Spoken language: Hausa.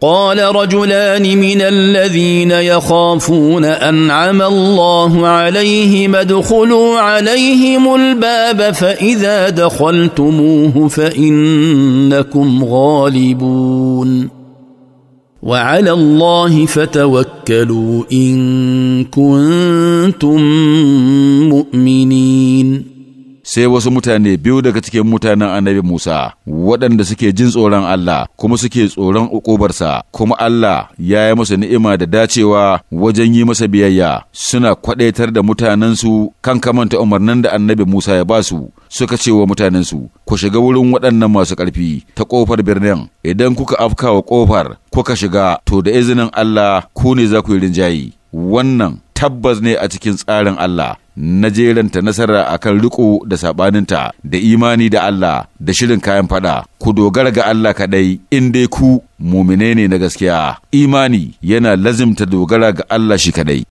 قال رجلان من الذين يخافون انعم الله عليهم ادخلوا عليهم الباب فاذا دخلتموه فانكم غالبون وعلى الله فتوكلوا ان كنتم مؤمنين sai wasu mutane biyu daga cikin mutanen annabi Musa waɗanda suke jin tsoron Allah kuma suke tsoron ukubarsa kuma Allah ya yi musu ni'ima da dacewa wajen yi masa biyayya suna kwadaitar da mutanensu kan kamanta umarnin da annabi Musa ya ba su suka ce wa mutanensu ku shiga wurin waɗannan masu ƙarfi ta ƙofar birnin idan kuka afka wa ƙofar kuka shiga to da izinin Allah ku ne za ku yi rinjayi wannan tabbas ne a cikin tsarin Allah na jeranta nasara kan riko da sabaninta da imani da Allah da shirin kayan fada ku dogara ga Allah kaɗai, in dai ku mumine ne na gaskiya imani yana lazimta dogara ga Allah shi kaɗai.